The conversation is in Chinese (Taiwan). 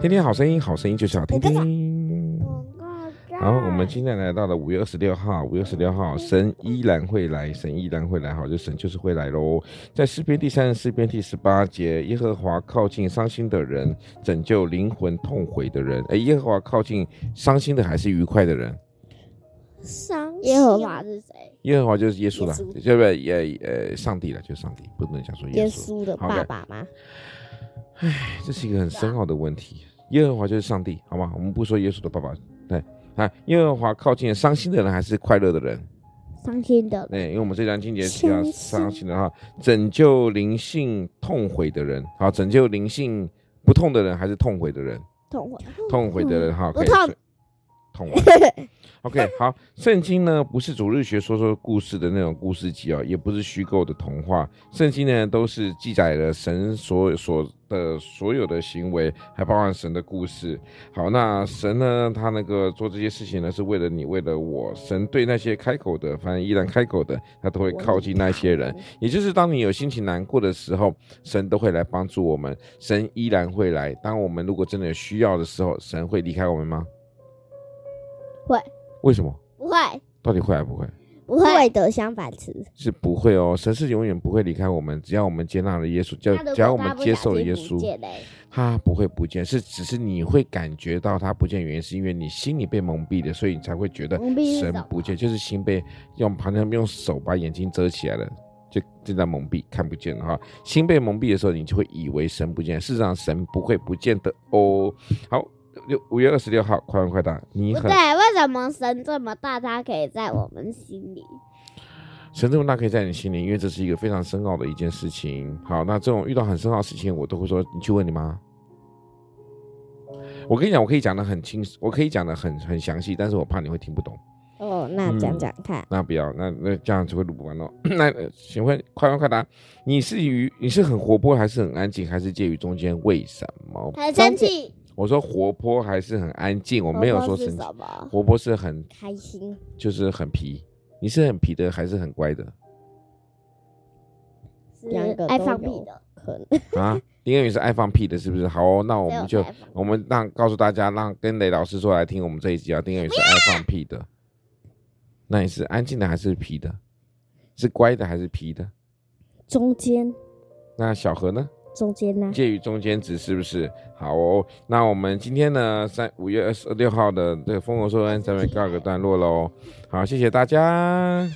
天天好聲音，好聲音就是要聽聽。好，我，我，然後我們今天來到了五月二十六號。五月二十六號，神依然會來，神依然會來，好，就神就是會來咯。在詩篇第三十四篇第十八節，耶和華靠近傷心的人，拯救靈魂痛悔的人。哎，耶和華靠近傷心的還是愉快的人？傷耶和華是誰？耶和華就是耶穌啦。是穌不是？耶呃，上帝啦，就是上帝，不能講說耶穌，耶穌的爸爸嗎、okay？唉，這是一個很深奧的問題。耶和華就是上帝，好嗎？我們不說耶穌的爸爸。對，啊，耶和華靠近傷心的人還是快樂的人？傷心的。對，因為我們這段經節比較傷心的哈。拯救靈性痛悔的人，好，拯救靈性不痛的人還是痛悔的人？痛悔。痛悔的人哈，可以。痛童話、啊，OK，好，聖經呢不是主日學說說故事的那種故事集哦，也不是虛構的童話。聖經呢都是記載了神所所的所有的行為，還包含神的故事。好，那神呢，他那個做這些事情呢，是為了你，為了我。神對那些開口的，反正依然開口的，他都會靠近那些人。也就是當你有心情難過的時候，神都會來幫助我們。神依然會來。當我們如果真的有需要的時候，神會離開我們嗎？會？為什麼？不會。到底會還不會？不會的，相反詞是不會哦。神是永遠不會離開我們，只要我們接納了耶穌，只要我們接受了耶穌，他，會他不，不，欸、不會不見。是，只是你會感覺到他不見，原因是因為你心裡被蒙蔽的，所以你才會覺得神不見，是就是心被用旁人用手把眼睛遮起來了，就正在蒙蔽，看不見了哈、哦。心被蒙蔽的時候，你就會以為神不見，事實上神不會不見的哦。好。五月二十六號，快問快答。你很對，為什麼神這麼大？他可以在我們心裡。神這麼大可以在你心裡，因為這是一個非常深奧的一件事情。好，那這種遇到很深奧的事情，我都會說你去問你媽。我跟你講，我可以講的很清楚，我可以講的很很詳細，但是我怕你會聽不懂。哦，那講講看。嗯、那不要，那那這樣只會錄不完哦。 那請問，快問快答，你是魚？你是很活潑，還是很安靜，還是介於中間？為什麼？很安靜。我說活潑還是很安靜，我沒有說成，活潑，活潑是很開心，就是很皮。你是很皮的還是很乖的？是兩個都有，愛放屁的，可能 啊！丁元宇是愛放屁的，是不是？好哦，那我們就我們讓告訴大家，讓跟雷老師說來聽我們這一集啊。丁元宇是愛放屁的，呀那你是安靜的還是皮的？是乖的還是皮的？中間。那小何呢？中間呢、啊？介於中間值是不是？好，哦，那我們今天呢，三五月二十六號的這個《豐禾碩恩》這邊告一個段落嘍。害好，謝謝大家。